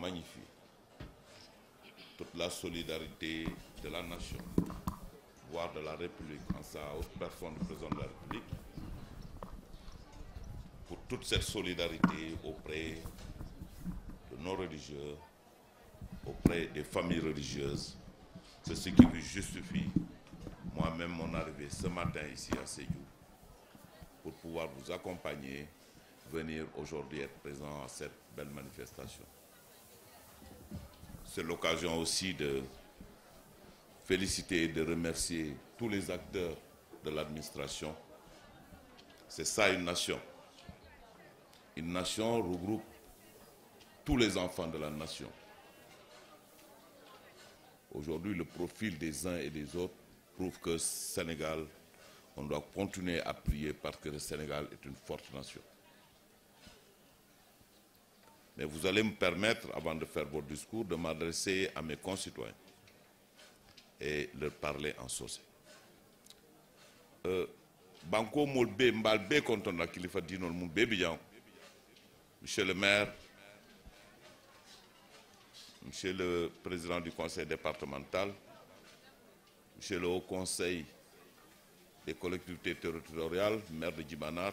magnifique toute la solidarité de la nation, voire de la République en sa haute personne du président de la République, pour toute cette solidarité auprès de nos religieux, auprès des familles religieuses. C'est ce qui me justifie moi-même mon arrivée ce matin ici à Seyou pour pouvoir vous accompagner, venir aujourd'hui être présent à cette belle manifestation. C'est l'occasion aussi de féliciter et de remercier tous les acteurs de l'administration. C'est ça une nation. Une nation regroupe tous les enfants de la nation. Aujourd'hui, le profil des uns et des autres prouve que Sénégal, on doit continuer à prier parce que le Sénégal est une forte nation. Mais vous allez me permettre, avant de faire votre discours, de m'adresser à mes concitoyens et leur parler en sauce. Euh, Banco Molbe, Mbalbe, le Monsieur le maire, Monsieur le président du conseil départemental, Monsieur le haut conseil des collectivités territoriales, maire de Djibanar,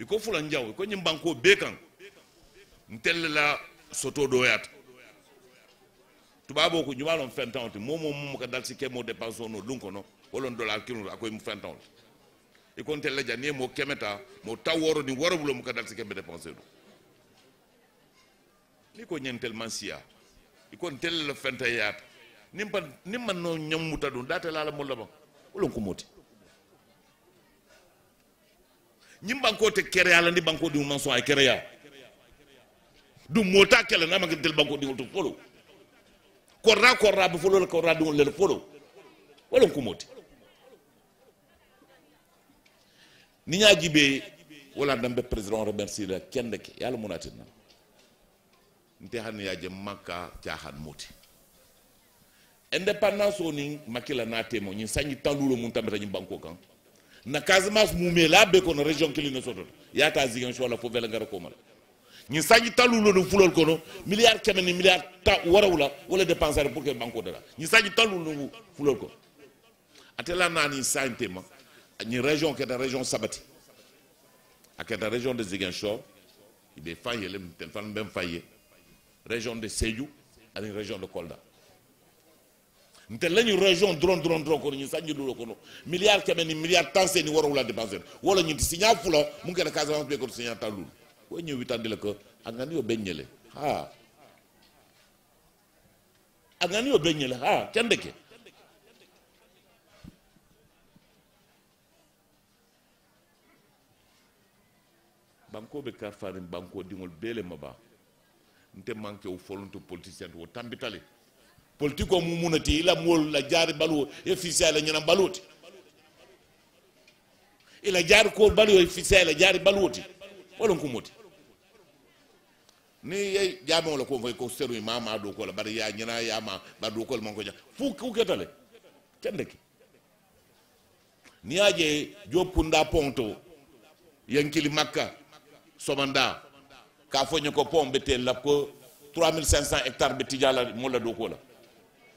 i ko jaw ko ñiŋ bankoo bee ntel ntelu la soto dooyaata tubaaboo ko ñuma loŋ fentaŋo ti moo moo mumu ka dalisi kemoo dépensoo no luŋ kono no loŋ dollar kiliŋo a ko mu fentaŋo ti i ko ntel la jaŋ mo ye moo taworo ni moo woro bulo mu ka dalisi keme dépensee noo ni ko ñeŋ man sia siyaa i ko ntelu la fenta yaata niŋ pa niŋ maŋ noo ñaŋ la la mo la ba wo ko moti ñim banko te kere ala ni banko di mo manso ay kere ya du mota kele na magi del banko di wutu folo ko ra ko ra bu folo ko ra du le folo wala ko moti ya ni nya gibe wala dam be president remercier la kende ke yalla munatin na nte han ya je makka ja han moti indépendance oni makila na te mo ñi sañi tanulo mun tamata ñi banko kan na casamance mume laɓe kono région keline sototo yata zigancho la fof ko mara komala ñin saji talluloɗo fulol kono milliard kemeni milliard ta warawla wala dépenser pour que banque dara ñin saji tallulo fulol kono atela nani sañtema ñin région keta région sabati a keta région de il iɓe faye le tel fan ɓen faye région de sédiou ani région de kolda nte lañu région drone doron doron kono ñin sanji ko kono milliard keɓe ni milliard tan seni ni wula dépense en wala ñinti signa fula mun kene casamance ɓe koto signa tan luɗo koye ñin witandile ko a nga ñu beññele ha a nga ñu beññele ha kende ke banko be karfarin banko dingol beele ma ba nte manke wu folonto politicien to o tambitale politique o mumunati ila moolu la jaari baluwo ye fisa la ñana baluwo ti ila e jaari ko baluwo ye fisa la jaari baluwo ti wolon kumo ti ni ye jaamewo la ko fay ko seru ma ma do ko la bari ya ñana ya ma bari do ko man ko ja fu ku ketale tende deki ni ya je jopunda ponto yankili makka somanda ka fo ñako pom tel la ko 3500 hectares be tijala mo la do ko la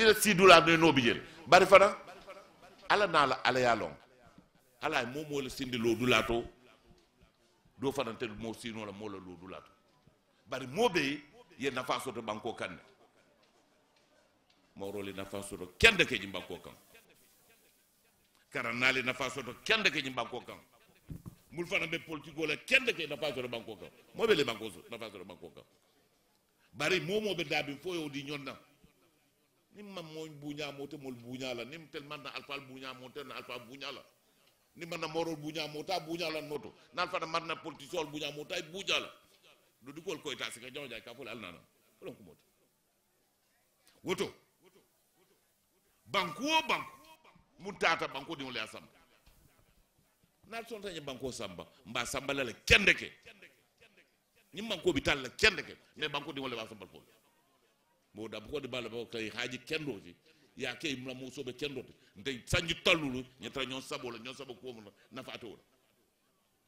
ila sidulaɓe noɓijel bari fana ala naala ya lon ala e momo la sindi lo dula to do fanante mo sinola mola lo dula to bari be ye nafa soto banko kanne mawrole nafa soto kende keji banko kan karannali nafa soto kende keji banko kan mul fana be politique ola kende ke nafa soto banko kan moɓe le banko so nafa soto banko kan bari be daabi fo yo di ñonna nimmanmo buñamote mol buñala nim la manna alfal buñamote na alfa buñala ni manna la buñamota buñalannoto na alfana manna politicien ol buñamota e buñala ɗuɗi kol koyta sika jawjay ka fole alnana holon kumoto woto banku o banku mum tata banko ɗin ole a samba naal sontañe banko samba mba sambalala kende a ñim bankoɓe talla kende ke mais banko ɗin ole wa sambal fole moɗa waɗi ballo makko kay haaji kendoji ya ke mna musoɓe kendode nde sañi tallulo ñetara ñon saɓola ñon saɓa kuwomola nafa towla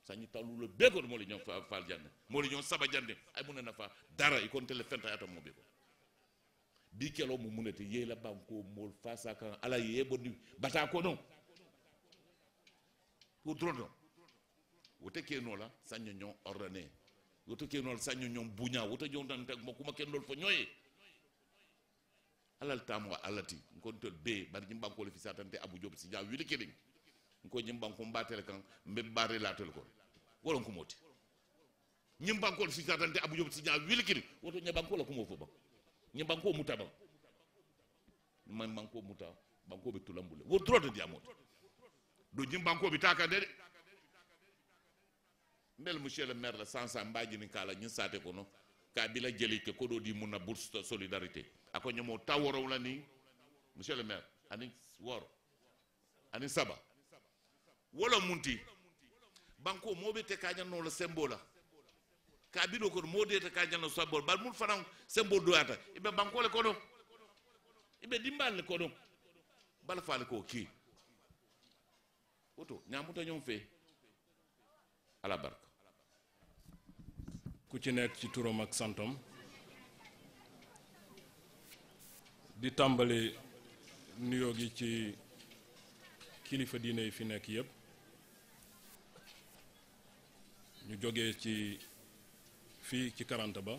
sañi tallulo be koto mole ñon fal jande mole ñon saɓa jande ay mune nafa dara e kono tele fenta yata moɓe ko bi kelo mo munete yeyla banko mol fasa kan ala yeɓondi bata ko non ko drone non wote kenola saño ñon ordonné wote kenola saño ñon buña wote jontan tag mo kuma kendol fo ñoye alal tamo alati gontol be bar jim banko le fi satante abou job si ja wili kedin ko jim banko mbatel kan mbe la tel ko wolon ko moti ñim banko le fi satante abou job si ja wili kedin woto ñe banko la ko mo fo ba ñim banko muta ba man banko muta banko be tulambule wo droit de diamot do jim banko bi taka de mbel monsieur le maire la sansa mbaji ni kala ñin saté ko no ka bi la jeli ke ko do di muna bourse solidarité a ko ta la ni monsieur le maire ani woro ani saba wolo mun ti banko moo be te kañannoo la sembo la ka biɗo kono moo de te kañanno sabbo bari mun fanan sembo doyata banko bankole kono dimbal le kono bala faale ko ki oto ñamuta ñoom fe ala barka ku ci nekk ci di tàmbali nuyoo gi ci kilifa diine yi fi nekk yépp ñu jógee ci fii ci Karanta ba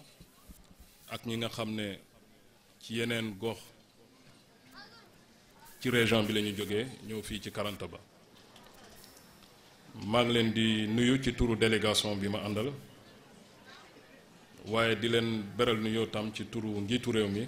ak ñi nga xam ne ci yeneen gox ci région bi lañuy ñu ñëw fii ci Karanta ba maa ngi leen di nuyu ci turu délégation bi ma àndal waaye di leen beral nuyoo tam ci turu njiitu réew mi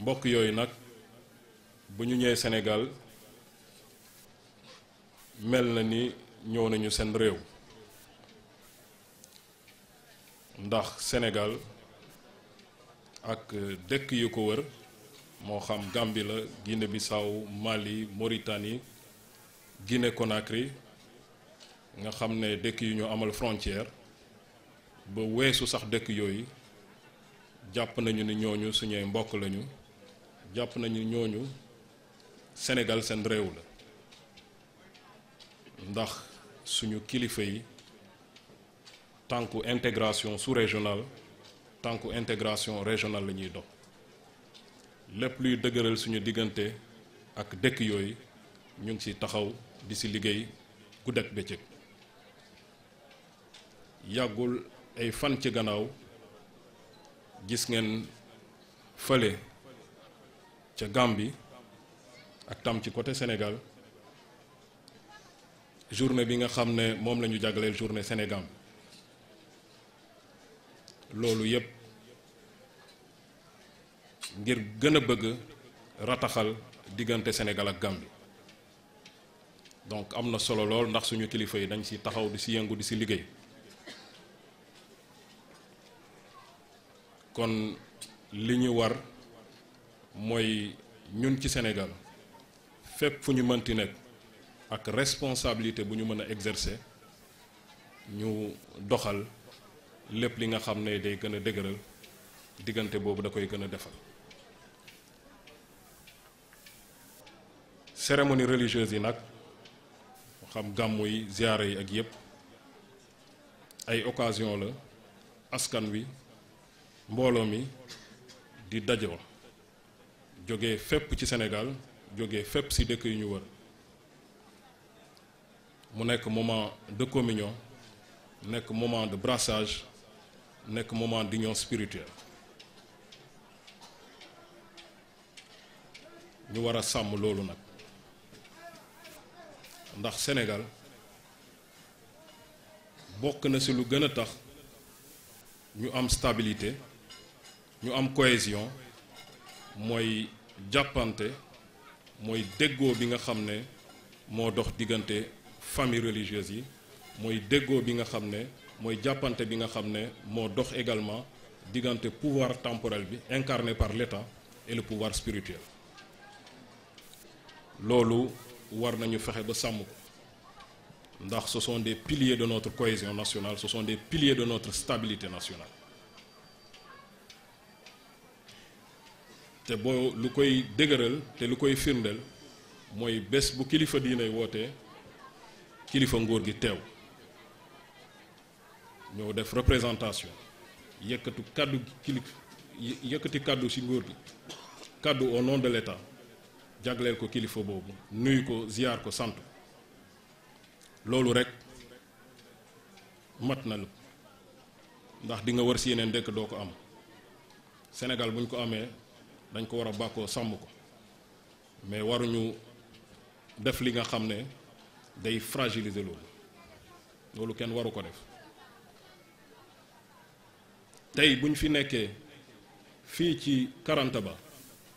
mbokk yooyu nag bu ñu ñëwee senegal mel na ni ñëw nañu seen réew ndax senegal ak dëkk yu ko wër moo xam Gambie la Guinée Bissau Mali Mauritanie Guinée Conakry nga xam ne dëkk yu ñu amal frontière ba weesu sax dëkk yooyu jàpp nañu ni ñooñu suñuy mbokk lañu Nous nañu ñooñu Sénégal seen réew la ndax suñu kilifa yi sous-régionale tant intégration régionale la ñuy dox lépp luy dëgëral suñu diggante ak dëkk yooyu ñu ngi ci taxaw liggéey ca Gambie ak tam ci côté Sénégal journée bi nga xam ne moom la ñu jagleel journée Sénégal loolu yépp ngir gën a bëgg rataxal diggante Sénégal ak Gambie donc am na solo lool ndax suñu kilifa yi dañ ci taxaw di si yëngu di si liggéey kon li ñu war nous ñun ci Sénégal fep fuñu mënti ak responsabilité buñu nous exercer ñu doxal lepp li nga xamné day gëna dëgeural digënté bobu da koy cérémonie religieuse yi nak xam ak yépp ay occasion la askan di dajjo jogé fep ci Sénégal jogé fep ci dëkk yi ñu wër mu nekk moment de communion nekk moment de brassage nekk moment d'union spirituelle ñu war a sàmm loolu nag ndax Sénégal bokk na si lu gën a tax ñu am stabilité ñu am cohésion moy jàppante moy déggoo bi nga Moi, mo dox diggante famille religieuse yi moy déggoo bi nga xam moy mooy bi nga xam mo dox également digante pouvoir temporel bi incarné par l'État et le pouvoir spirituel lolu war nañu fexé ba sam ce sont des piliers de notre cohésion nationale ce sont des piliers de notre stabilité nationale te boo lu koy dëgëral te lu koy firndel mooy bés bu kilifa diinay wootee kilifa nguur gi teew ñoo def représentation yëkkatu kaddu kilif yëkkati kaddu ci nguur gi kaddu au nom de état jagleel ko kilifa boobu nuyu ko ziar ko sant loolu rek mat na lu ndax di nga wër ci yeneen dëkk doo ko am Sénégal bu ko amee dañ ko war a bàkkoo sàmm ko mais waruñu def li nga xam ne day fragiliser loolu loolu kenn waru ko def tey bu ñu fi nekkee fii ci karanta ba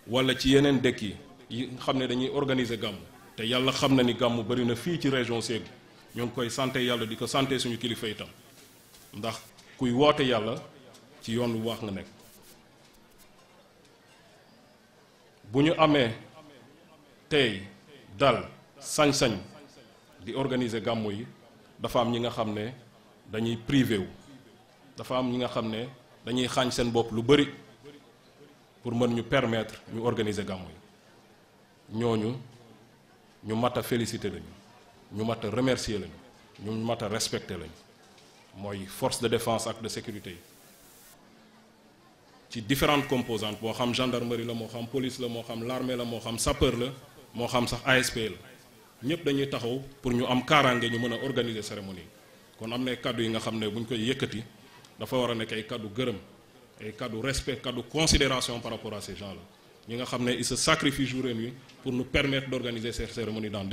wala ci yeneen dëkk yi xam ne dañuy organiser gàmm te yàlla xam na ni gàmm bari na fii ci région Sédhiou ñoo ngi koy sante yàlla di ko santé suñu kilifa itam ndax kuy woote yàlla ci yoon lu wax nga nekk buñu amé amee dal sañ-sañ di organiser gàmmu yi dafa am ñi nga xamné dañuy privé wu dafa am ñi nga xamné dañuy xañ seen bop lu bëri pour mën ñu permettre ñu organiser gàmmu yi ñoñu ñu mata féliciter lañu ñu mata remercier lañu ñu mata respecter lañu moy force de défense ak de sécurité ci différentes composantes moo xam gendarmerie la moo xam police la moo xam l'armée la moo xam sapeur la moo xam sax ASP la ñëpp dañuy taxaw pour ñu am kaaraange ñu mën a organiser cérémonie kon am na ay kaddu yi nga xam ne buñ koy yëkkati dafa war a nekk ay kaddu gërëm ay kaddu respect kaddu considération par rapport à ces gens-là ñi nga xam ne ils se sacrifient jour et nuit pour nous permettre d'organiser cette cérémonie dans